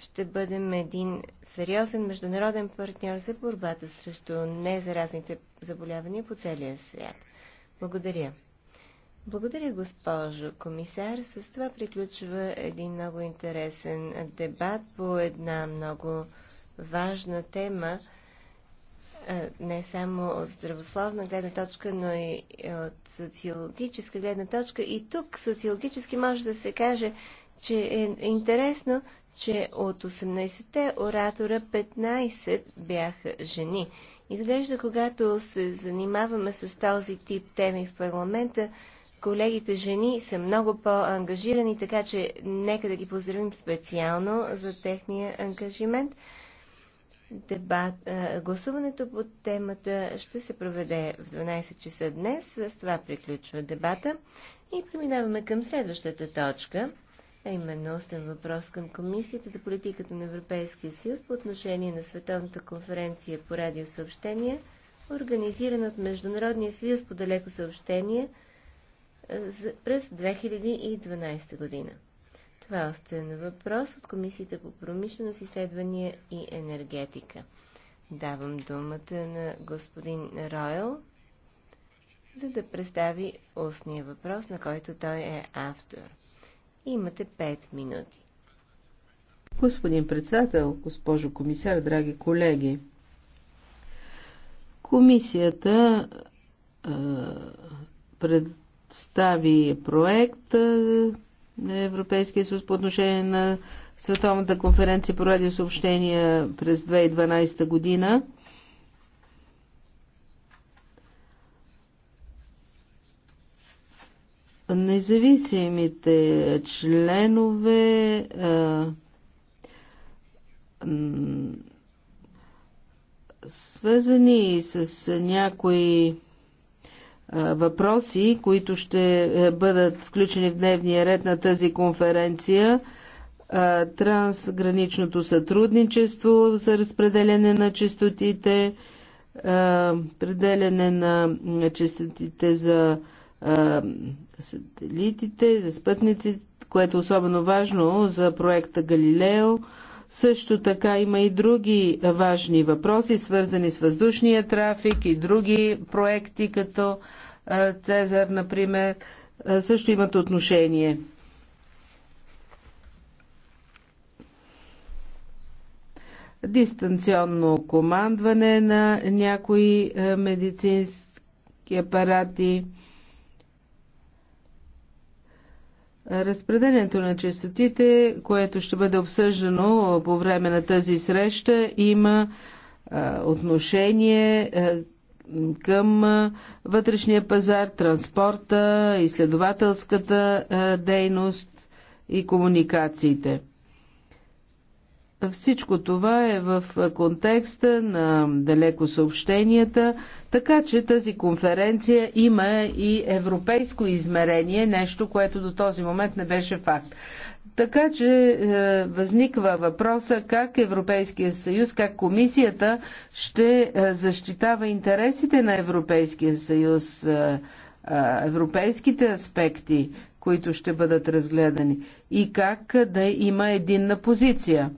ще бъдем един сериозен международен партньор за борбата срещу незаразните заболявания по целия свят. Благодаря. Благодаря, госпожо комисар. С това приключва един много интересен дебат по една много важна тема, не само от здравословна гледна точка, но и от социологическа гледна точка. И тук социологически може да се каже, че е интересно, че от 18-те оратора 15 бяха жени. Изглежда, когато се занимаваме с този тип теми в парламента, колегите жени са много по-ангажирани, така че нека да ги поздравим специално за техния ангажимент. Дебат, гласуването по темата ще се проведе в 12 часа днес. С това приключва дебата и преминаваме към следващата точка а е именно остен въпрос към Комисията за политиката на Европейския съюз по отношение на Световната конференция по радиосъобщения, организирана от Международния съюз по далеко съобщение през 2012 година. Това е остен въпрос от Комисията по промишленост, изследвания и енергетика. Давам думата на господин Ройл, за да представи устния въпрос, на който той е автор. Имате 5 минути. Господин председател, госпожо комисар, драги колеги, комисията а, представи проект а, на Европейския съюз по отношение на Световната конференция по радиосъобщения през 2012 година. Независимите членове а, свързани с някои въпроси, които ще бъдат включени в дневния ред на тази конференция. Трансграничното сътрудничество за разпределене на частотите, пределене на частотите за сателитите, за спътници, което е особено важно за проекта Галилео. Също така има и други важни въпроси, свързани с въздушния трафик и други проекти, като Цезар, например, също имат отношение. Дистанционно командване на някои медицински апарати Разпределението на частотите, което ще бъде обсъждано по време на тази среща, има отношение към вътрешния пазар, транспорта, изследователската дейност и комуникациите. Всичко това е в контекста на далеко съобщенията, така че тази конференция има и европейско измерение, нещо, което до този момент не беше факт. Така че е, възниква въпроса как Европейския съюз, как комисията ще е, защитава интересите на Европейския съюз, е, е европейските аспекти, които ще бъдат разгледани и как да има единна позиция.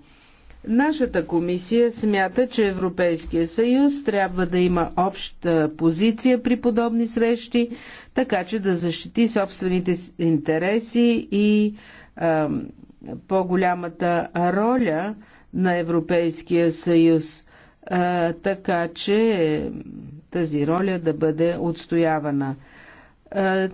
Нашата комисия смята, че Европейския съюз трябва да има обща позиция при подобни срещи, така че да защити собствените интереси и по-голямата роля на Европейския съюз, а, така че тази роля да бъде отстоявана. А,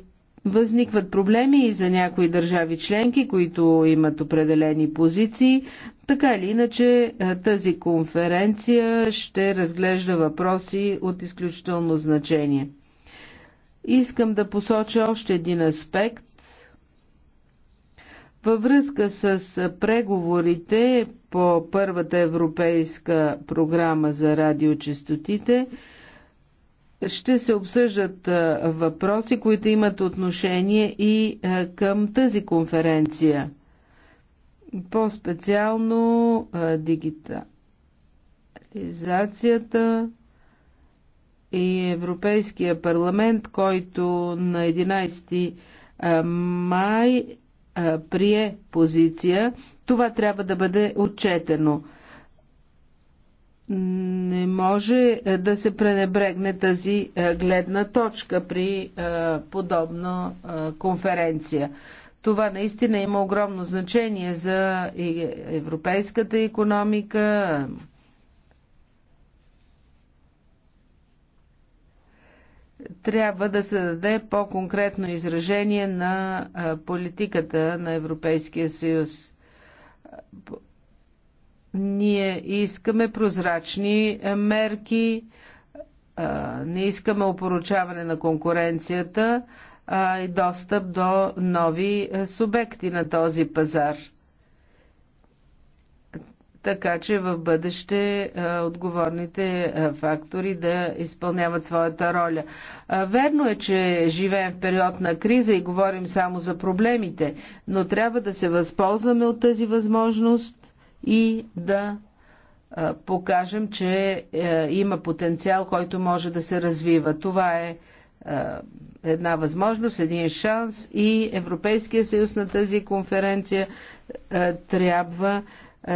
Възникват проблеми и за някои държави членки, които имат определени позиции. Така или иначе, тази конференция ще разглежда въпроси от изключително значение. Искам да посоча още един аспект. Във връзка с преговорите по първата европейска програма за радиочастотите, ще се обсъждат въпроси, които имат отношение и към тази конференция. По-специално дигитализацията и Европейския парламент, който на 11 май прие позиция. Това трябва да бъде отчетено не може е, да се пренебрегне тази е, гледна точка при е, подобна конференция. Това наистина има огромно значение за европейската економика. Трябва да се даде по-конкретно изражение на политиката на Европейския съюз ние искаме прозрачни е, мерки, е, не искаме опоручаване на конкуренцията и достъп до нови е, субекти на този пазар. Така че в бъдеще отговорните фактори да изпълняват своята роля. Верно е, че живеем в период на криза и говорим само за проблемите, но трябва да се възползваме от тази възможност и да покажем, че е, има потенциал, който може да се развива. Това е, е една възможност, един шанс и Европейския съюз на тази конференция е, трябва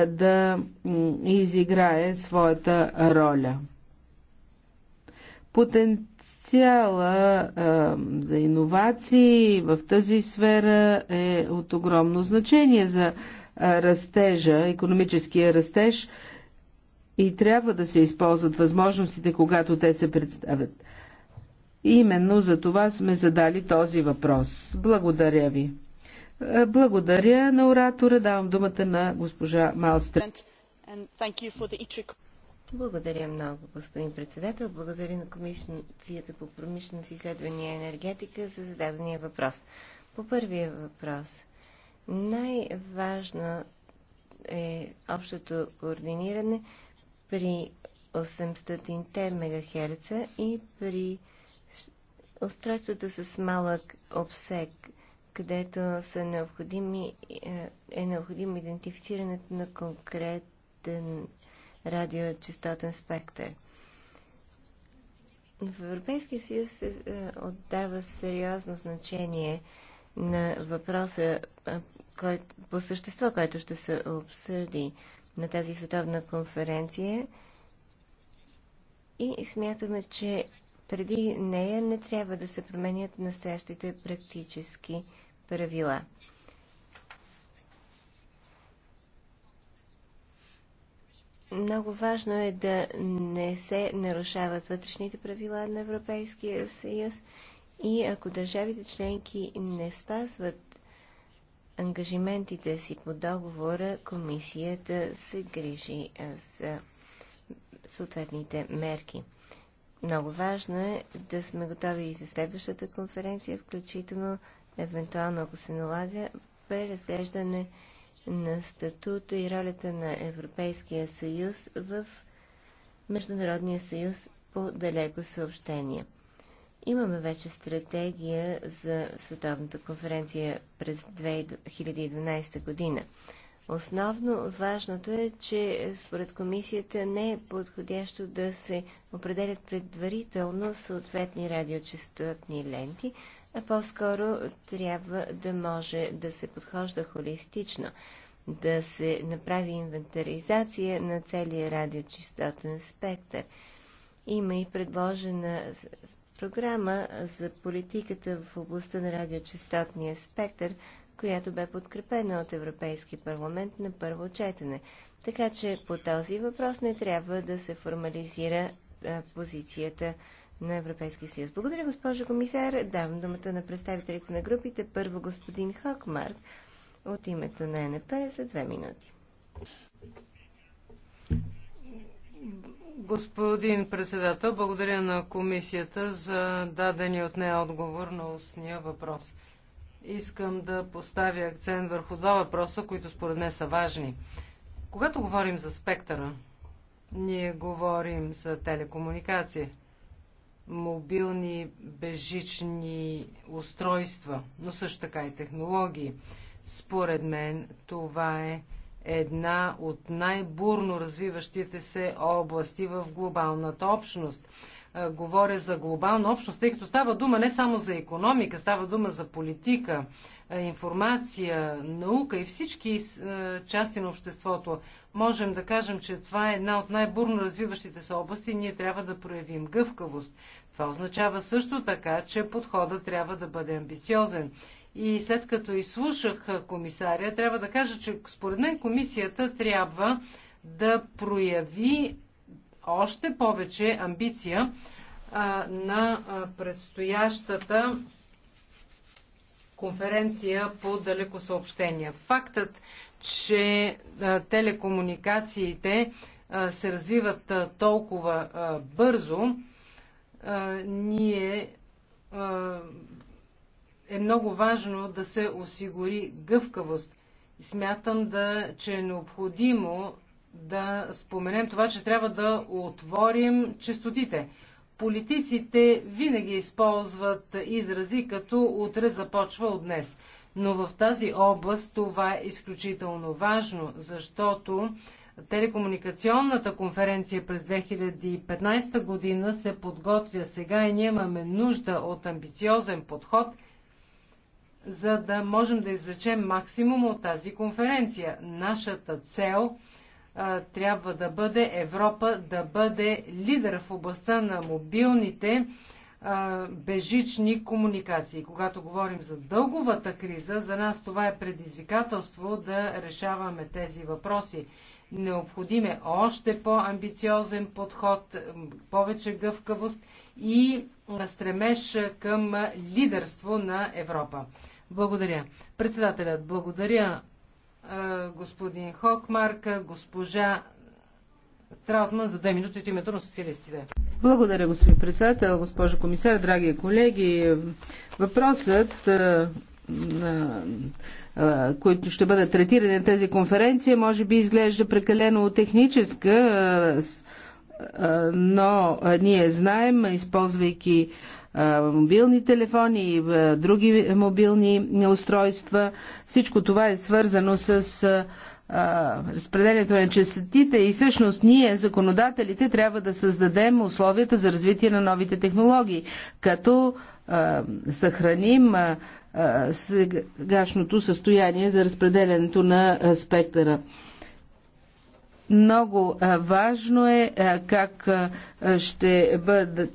да изиграе своята роля. Потенциала за иновации в тази сфера е от огромно значение за растежа, економическия растеж и трябва да се използват възможностите, когато те се представят. Именно за това сме задали този въпрос. Благодаря ви. Благодаря на оратора. Давам думата на госпожа Малстра. Благодаря много, господин председател. Благодаря на Комисията по промишленост, изследвания и енергетика за зададения въпрос. По първия въпрос най-важно е общото координиране при 800 МГц и при устройствата с малък обсек, където са необходими, е, е необходимо идентифицирането на конкретен радиочастотен спектър. В Европейския съюз се е, отдава сериозно значение на въпроса по същество, който ще се обсъди на тази световна конференция. И смятаме, че преди нея не трябва да се променят настоящите практически правила. Много важно е да не се нарушават вътрешните правила на Европейския съюз и ако държавите членки не спазват ангажиментите си по договора, комисията се грижи за съответните мерки. Много важно е да сме готови и за следващата конференция, включително, евентуално, ако се налага, преразглеждане на статута и ролята на Европейския съюз в Международния съюз по далеко съобщение. Имаме вече стратегия за Световната конференция през 2012 година. Основно важното е, че според комисията не е подходящо да се определят предварително съответни радиочастотни ленти, а по-скоро трябва да може да се подхожда холистично, да се направи инвентаризация на целия радиочастотен спектър. Има и предложена програма за политиката в областта на радиочастотния спектър, която бе подкрепена от Европейски парламент на първо четене. Така че по този въпрос не трябва да се формализира а, позицията на Европейския съюз. Благодаря, госпожа комисар. Давам думата на представителите на групите. Първо господин Хокмарк от името на НП за две минути. Господин председател, благодаря на комисията за дадени от нея отговор на устния въпрос. Искам да поставя акцент върху два въпроса, които според мен са важни. Когато говорим за спектъра, ние говорим за телекомуникация, мобилни бежични устройства, но също така и технологии. Според мен това е една от най-бурно развиващите се области в глобалната общност. Говоря за глобална общност, тъй като става дума не само за економика, става дума за политика, информация, наука и всички части на обществото. Можем да кажем, че това е една от най-бурно развиващите се области и ние трябва да проявим гъвкавост. Това означава също така, че подходът трябва да бъде амбициозен и след като изслушах комисаря, трябва да кажа, че според мен комисията трябва да прояви още повече амбиция а, на предстоящата конференция по далеко съобщения. Фактът, че а, телекомуникациите а, се развиват а, толкова бързо, ние е много важно да се осигури гъвкавост. Смятам, да, че е необходимо да споменем това, че трябва да отворим честотите. Политиците винаги използват изрази като утре започва от днес. Но в тази област това е изключително важно, защото телекомуникационната конференция през 2015 година се подготвя сега и ние имаме нужда от амбициозен подход – за да можем да извлечем максимум от тази конференция. Нашата цел а, трябва да бъде Европа да бъде лидер в областта на мобилните а, бежични комуникации. Когато говорим за дълговата криза, за нас това е предизвикателство да решаваме тези въпроси. Необходим е още по-амбициозен подход, повече гъвкавост и стремеж към лидерство на Европа. Благодаря. Председателят, благодаря господин Хокмарк, госпожа Траутман за две минути от името на социалистите. Благодаря, господин председател, госпожо комисар, драги колеги. Въпросът който ще бъде третиран на тази конференция, може би изглежда прекалено техническа но ние знаем, използвайки мобилни телефони и други мобилни устройства, всичко това е свързано с разпределението на частотите и всъщност ние, законодателите, трябва да създадем условията за развитие на новите технологии, като съхраним сегашното състояние за разпределението на спектъра. Много важно е как ще бъдат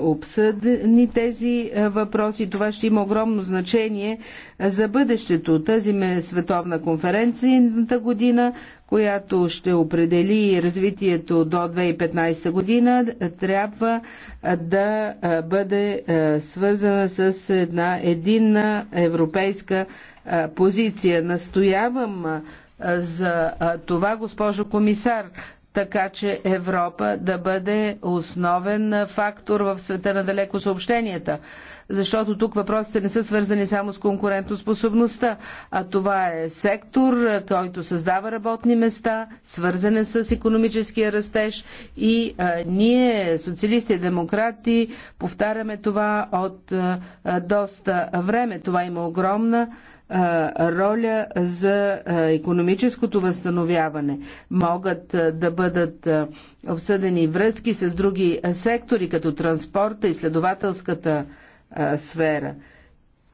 обсъдени тези въпроси. Това ще има огромно значение за бъдещето. Тази ме световна конференция година, която ще определи развитието до 2015 година, трябва да бъде свързана с една единна европейска позиция. Настоявам за това, госпожо комисар, така че Европа да бъде основен фактор в света на далеко съобщенията. Защото тук въпросите не са свързани само с конкурентоспособността, а това е сектор, който създава работни места, свързане с економическия растеж и а, ние, социалисти и демократи, повтаряме това от а, доста време. Това има огромна роля за економическото възстановяване. Могат да бъдат обсъдени връзки с други сектори, като транспорта, и следователската сфера.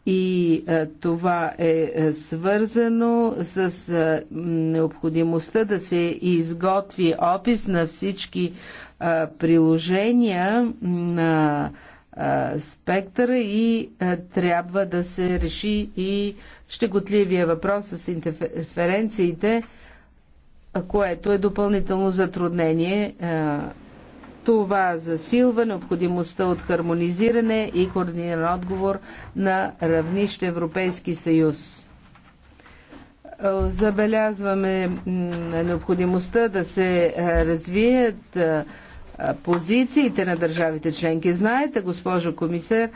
И това е свързано с необходимостта да се изготви опис на всички приложения на спектъра и трябва да се реши и щеготливия въпрос с интерференциите, което е допълнително затруднение. Това засилва необходимостта от хармонизиране и координиран отговор на равнище Европейски съюз. Забелязваме необходимостта да се развият позициите на държавите членки. Знаете, госпожо комисар,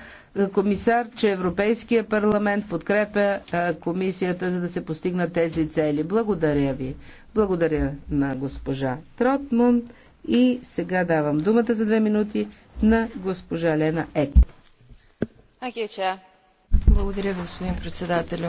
комисар, че Европейския парламент подкрепя комисията, за да се постигнат тези цели. Благодаря ви. Благодаря на госпожа Тротмунд. И сега давам думата за две минути на госпожа Лена Ек. Благодаря, господин председателю.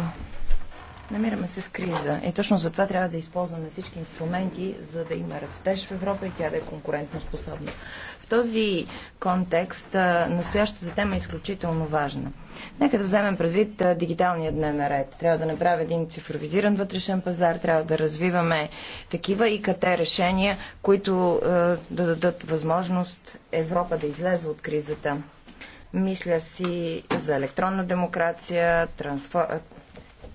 Намираме се в криза и точно за това трябва да използваме всички инструменти, за да има растеж в Европа и тя да е конкурентно способна. В този контекст настоящата тема е изключително важна. Нека да вземем предвид дигиталния дневен наред. Трябва да направим един цифровизиран вътрешен пазар, трябва да развиваме такива и къте решения, които да дадат възможност Европа да излезе от кризата. Мисля си за електронна демокрация, трансформация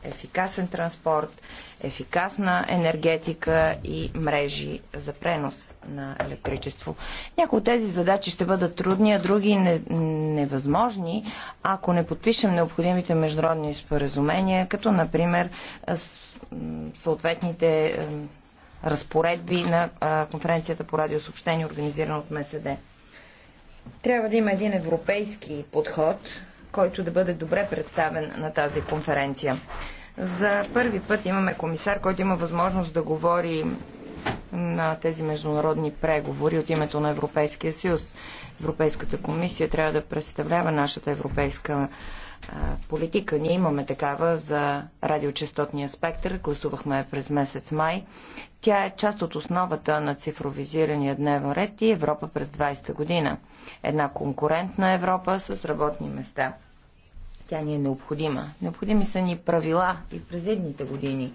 ефикасен транспорт, ефикасна енергетика и мрежи за пренос на електричество. Някои от тези задачи ще бъдат трудни, а други не, невъзможни, ако не подпишем необходимите международни споразумения, като например съответните разпоредби на конференцията по радиосъобщение, организирана от МСД. Трябва да има един европейски подход който да бъде добре представен на тази конференция. За първи път имаме комисар, който има възможност да говори на тези международни преговори от името на Европейския съюз. Европейската комисия трябва да представлява нашата европейска политика. Ние имаме такава за радиочастотния спектър. Гласувахме през месец май. Тя е част от основата на цифровизирания дневен ред и Европа през 20-та година. Една конкурентна Европа с работни места. Тя ни е необходима. Необходими са ни правила и през едните години.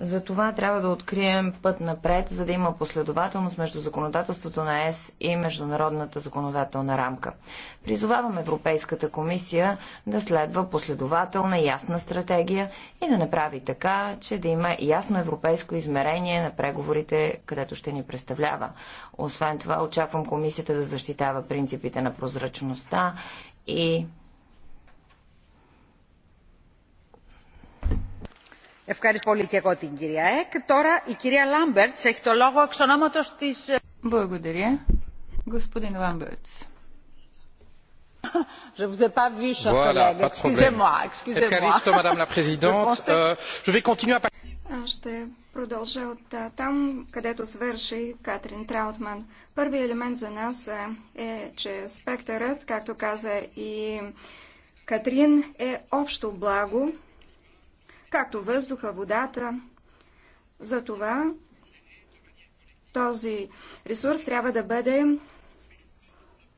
За това трябва да открием път напред, за да има последователност между законодателството на ЕС и международната законодателна рамка. Призовавам Европейската комисия да следва последователна, и ясна стратегия и да направи така, че да има ясно европейско измерение на преговорите, където ще ни представлява. Освен това, очаквам комисията да защитава принципите на прозрачността и Благодаря. Господин Ламбертс. Je vous ai pas vu, cher voilà, collègue. Excusez-moi. Excusez Madame la Présidente. euh, je vais continuer à ще продължа от там, където свърши Катрин Траутман. Първият елемент за нас е, че спектърът, както каза и Катрин, е общо благо, както въздуха, водата. Затова този ресурс трябва да бъде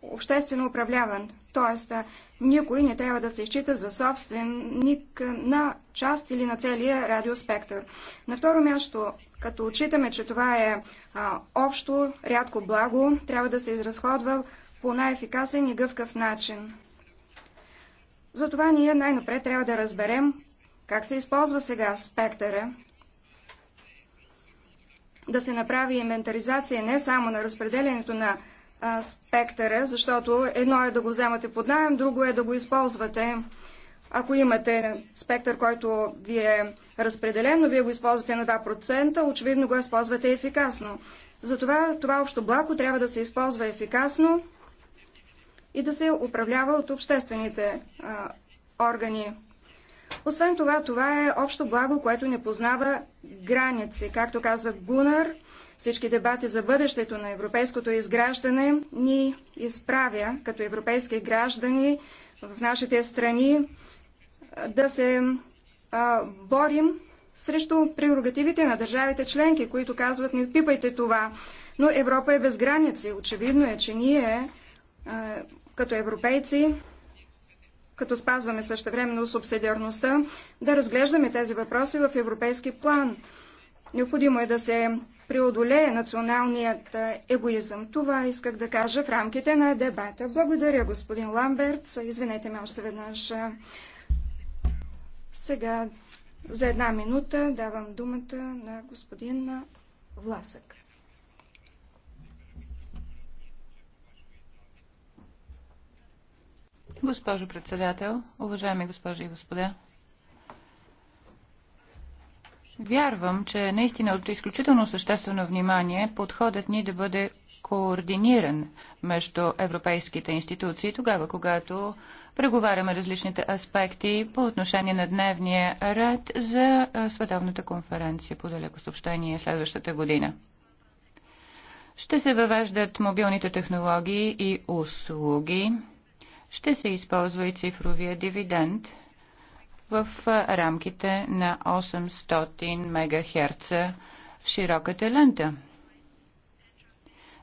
обществено управляван. Тоест, никой не трябва да се счита за собственик на част или на целия радиоспектър. На второ място, като отчитаме, че това е а, общо, рядко благо, трябва да се изразходва по най-ефикасен и гъвкав начин. Затова ние най-напред трябва да разберем как се използва сега спектъра? Да се направи инвентаризация не само на разпределението на а, спектъра, защото едно е да го вземате под найем, друго е да го използвате. Ако имате спектър, който ви е разпределен, но вие го използвате на 2%, очевидно го използвате ефикасно. Затова това общо благо трябва да се използва ефикасно и да се управлява от обществените а, органи. Освен това, това е общо благо, което не познава граници. Както каза Гунар, всички дебати за бъдещето на европейското изграждане ни изправя като европейски граждани в нашите страни да се а, борим срещу прерогативите на държавите членки, които казват не пипайте това. Но Европа е без граници. Очевидно е, че ние а, като европейци като спазваме същевременно субсидиарността, да разглеждаме тези въпроси в европейски план. Необходимо е да се преодолее националният егоизъм. Това исках да кажа в рамките на дебата. Благодаря, господин Ламберт. Извинете ме още веднъж. Сега за една минута давам думата на господин Власък. Госпожо председател, уважаеми госпожи и господа, вярвам, че наистина от изключително съществено внимание подходът ни да бъде координиран между европейските институции тогава, когато преговаряме различните аспекти по отношение на дневния ред за Световната конференция по далеко съобщение следващата година. Ще се въвеждат мобилните технологии и услуги ще се използва и цифровия дивиденд в рамките на 800 МГц в широката лента.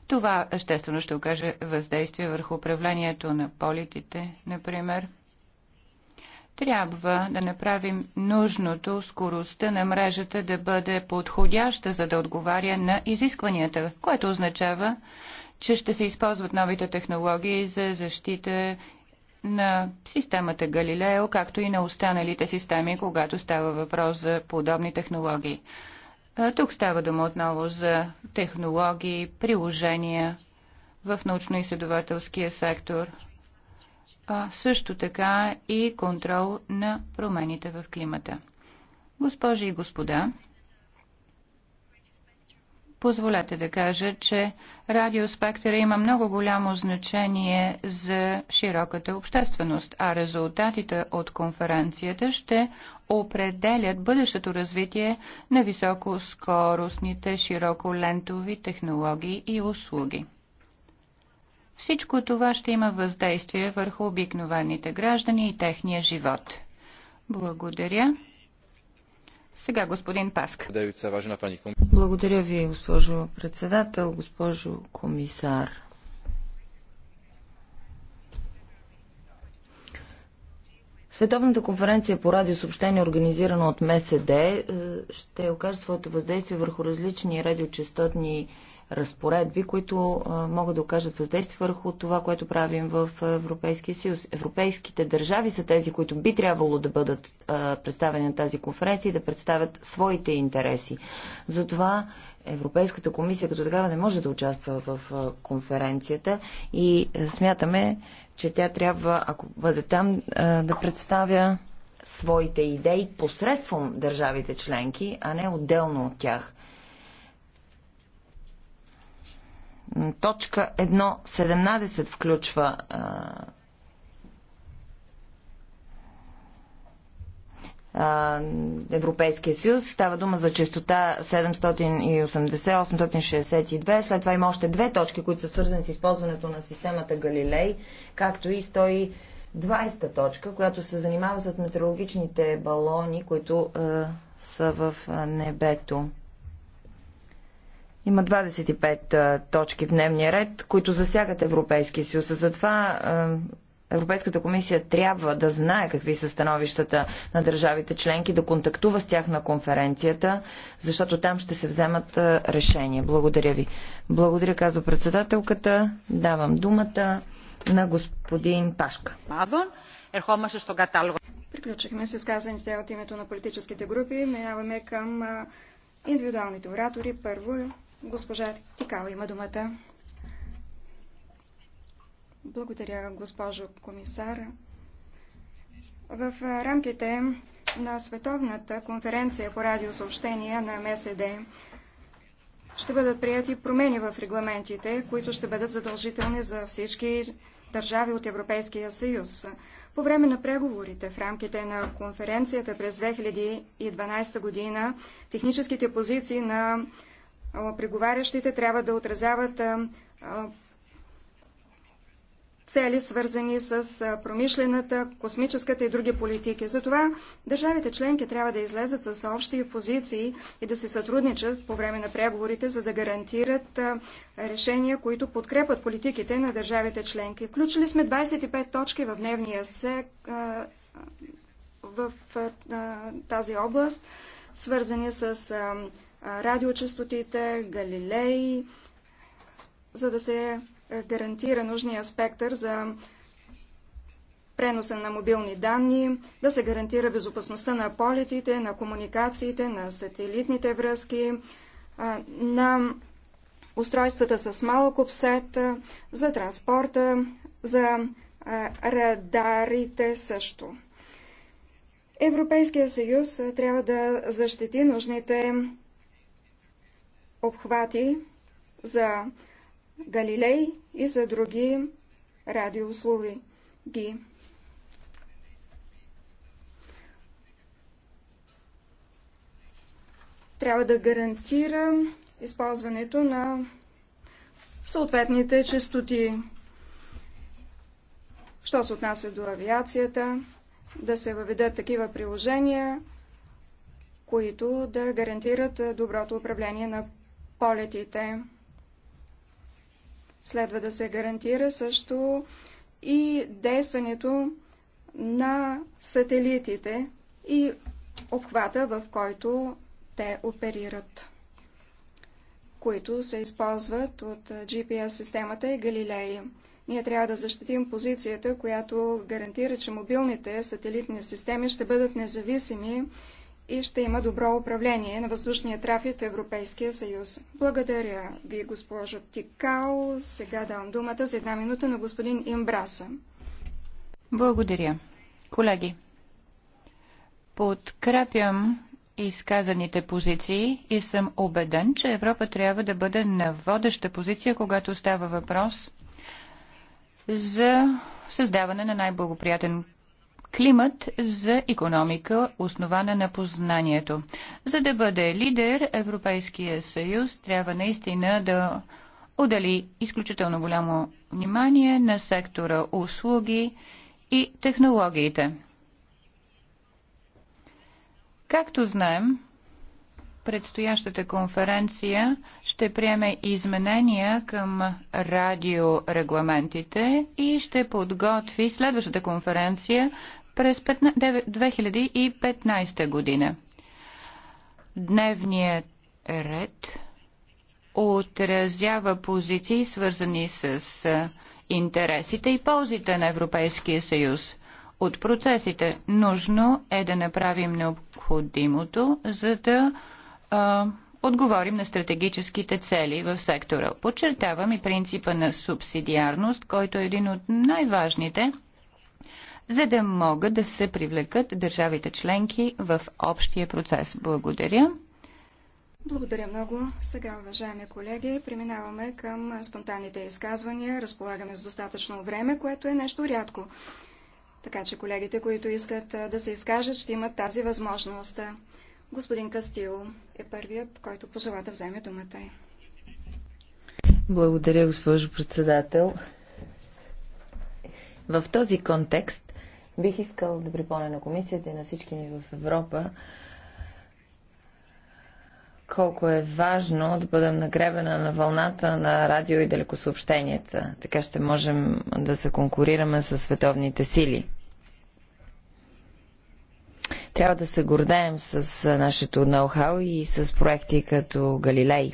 Това естествено ще окаже въздействие върху управлението на полетите, например. Трябва да направим нужното скоростта на мрежата да бъде подходяща, за да отговаря на изискванията, което означава, че ще се използват новите технологии за защита на системата Галилео, както и на останалите системи, когато става въпрос за подобни технологии. Тук става дума отново за технологии, приложения в научно-изследователския сектор, а също така и контрол на промените в климата. Госпожи и господа, Позволете да кажа, че радиоспектъра има много голямо значение за широката общественост, а резултатите от конференцията ще определят бъдещето развитие на високоскоростните широколентови технологии и услуги. Всичко това ще има въздействие върху обикновените граждани и техния живот. Благодаря. Сега господин Паск. Благодаря ви, госпожо председател, госпожо комисар. Световната конференция по радиосъобщение, организирана от МСД, е, ще окаже своето въздействие върху различни радиочастотни разпоредби, които могат да окажат въздействие върху това, което правим в Европейския съюз. Европейските държави са тези, които би трябвало да бъдат представени на тази конференция и да представят своите интереси. Затова Европейската комисия като такава не може да участва в конференцията и смятаме, че тя трябва, ако бъде там, да представя своите идеи посредством държавите членки, а не отделно от тях. Точка 1.17 включва Европейския съюз. Става дума за частота 780-862. След това има още две точки, които са свързани с използването на системата Галилей, както и 120 та точка, която се занимава с метеорологичните балони, които са в небето. Има 25 точки в дневния ред, които засягат Европейския съюз. Затова Европейската комисия трябва да знае какви са становищата на държавите членки, да контактува с тях на конференцията, защото там ще се вземат решения. Благодаря ви. Благодаря, казва председателката. Давам думата на господин Пашка. Приключихме с изказаните от името на политическите групи. Минаваме към индивидуалните оратори. Първо е. Госпожа Тикала има думата. Благодаря, госпожо комисар. В рамките на Световната конференция по радиосъобщения на МСД ще бъдат прияти промени в регламентите, които ще бъдат задължителни за всички държави от Европейския съюз. По време на преговорите в рамките на конференцията през 2012 година техническите позиции на преговарящите трябва да отразяват цели, свързани с промишлената, космическата и други политики. Затова държавите членки трябва да излезат с общи позиции и да се сътрудничат по време на преговорите, за да гарантират решения, които подкрепят политиките на държавите членки. Включили сме 25 точки в дневния сек в тази област, свързани с радиочастотите, Галилей, за да се е, гарантира нужния спектър за преноса на мобилни данни, да се гарантира безопасността на полетите, на комуникациите, на сателитните връзки, на устройствата с малък обсет, за транспорта, за радарите също. Европейския съюз трябва да защити нужните обхвати за Галилей и за други ги. Трябва да гарантира използването на съответните частоти. Що се отнася до авиацията, да се въведат такива приложения, които да гарантират доброто управление на полетите. Следва да се гарантира също и действането на сателитите и обхвата, в който те оперират, които се използват от GPS системата и Галилеи. Ние трябва да защитим позицията, която гарантира, че мобилните сателитни системи ще бъдат независими и ще има добро управление на въздушния трафик в Европейския съюз. Благодаря ви, госпожо Тикао. Сега давам думата за една минута на господин Имбраса. Благодаря. Колеги, подкрепям изказаните позиции и съм убеден, че Европа трябва да бъде на водеща позиция, когато става въпрос за създаване на най-благоприятен климат за економика, основана на познанието. За да бъде лидер, Европейския съюз трябва наистина да удали изключително голямо внимание на сектора услуги и технологиите. Както знаем, предстоящата конференция ще приеме изменения към радиорегламентите и ще подготви следващата конференция през 2015 година. Дневният ред отразява позиции, свързани с интересите и ползите на Европейския съюз от процесите. Нужно е да направим необходимото, за да а, отговорим на стратегическите цели в сектора. Подчертавам и принципа на субсидиарност, който е един от най-важните – за да могат да се привлекат държавите членки в общия процес. Благодаря. Благодаря много. Сега, уважаеми колеги, преминаваме към спонтанните изказвания. Разполагаме с достатъчно време, което е нещо рядко. Така че колегите, които искат да се изкажат, ще имат тази възможност. Господин Кастил е първият, който пожела да вземе думата. Благодаря, госпожо председател. В този контекст Бих искал да припомня на комисията и на всички ни в Европа, колко е важно да бъдем нагребена на вълната на радио и далекосъобщенията. Така ще можем да се конкурираме с световните сили. Трябва да се гордеем с нашето ноу-хау и с проекти като Галилей.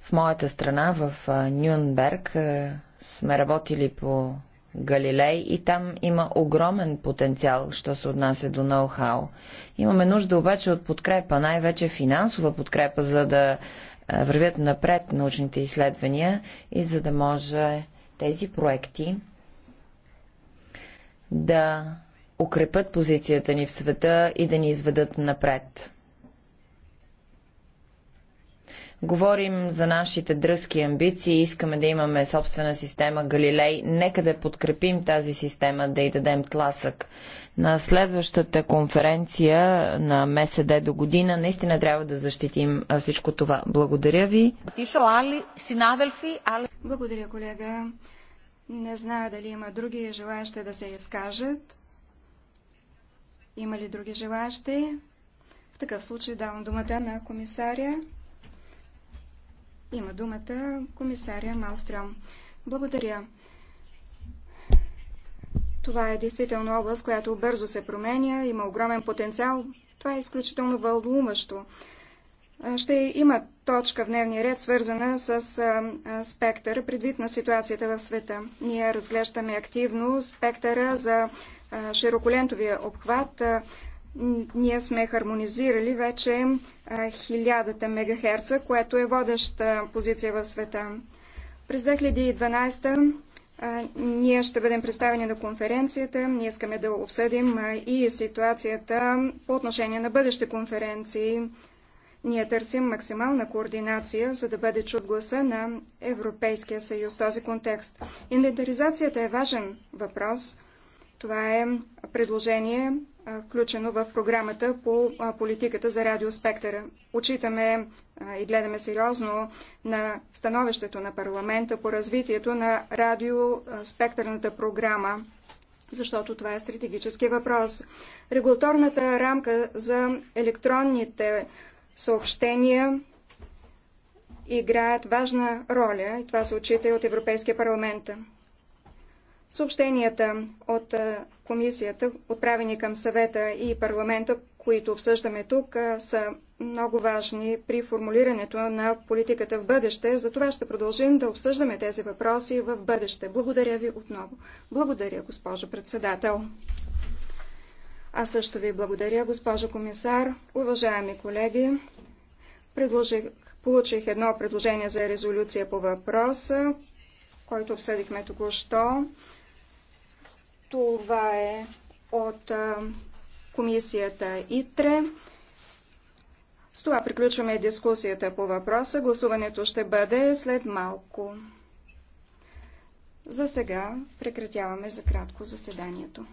В моята страна, в Нюнберг, сме работили по Галилей и там има огромен потенциал, що се отнася до ноу-хау. Имаме нужда обаче от подкрепа, най-вече финансова подкрепа, за да е, вървят напред научните изследвания и за да може тези проекти да укрепят позицията ни в света и да ни изведат напред. Говорим за нашите дръзки амбиции, искаме да имаме собствена система Галилей. Нека да подкрепим тази система, да й дадем тласък. На следващата конференция на МСД до година наистина трябва да защитим всичко това. Благодаря ви. Благодаря, колега. Не зная дали има други желаящи да се изкажат. Има ли други желаящи? В такъв случай давам думата на комисаря. Има думата комисаря Малстрам. Благодаря. Това е действително област, която бързо се променя, има огромен потенциал. Това е изключително вълнуващо. Ще има точка в дневния ред, свързана с спектър, предвид на ситуацията в света. Ние разглеждаме активно спектъра за широколентовия обхват, ние сме хармонизирали вече 1000 МГц, което е водеща позиция в света. През 2012 ние ще бъдем представени на конференцията. Ние искаме да обсъдим и ситуацията по отношение на бъдещи конференции. Ние търсим максимална координация, за да бъде чут гласа на Европейския съюз в този контекст. Инвентаризацията е важен въпрос. Това е предложение включено в програмата по политиката за радиоспектъра. Очитаме и гледаме сериозно на становището на парламента по развитието на радиоспектърната програма, защото това е стратегически въпрос. Регулаторната рамка за електронните съобщения играят важна роля и това се отчита и от Европейския парламент. Съобщенията от е, комисията, отправени към съвета и парламента, които обсъждаме тук, е, са много важни при формулирането на политиката в бъдеще. Затова ще продължим да обсъждаме тези въпроси в бъдеще. Благодаря ви отново. Благодаря, госпожо председател. Аз също ви благодаря, госпожо комисар. Уважаеми колеги, предложих, получих едно предложение за резолюция по въпроса, който обсъдихме току-що. Това е от комисията ИТРЕ. С това приключваме дискусията по въпроса. Гласуването ще бъде след малко. За сега прекратяваме за кратко заседанието.